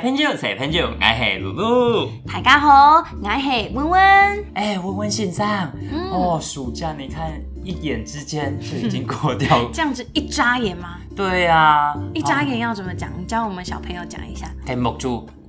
潘姐，謝潘姐，我係露露。大家好，我係溫溫。誒、欸，溫溫先生，哦，暑假你看一眼之間就已經過掉，這樣子一眨眼嗎？對啊，一眨眼要怎麼講？你教我們小朋友講一下，睇木住。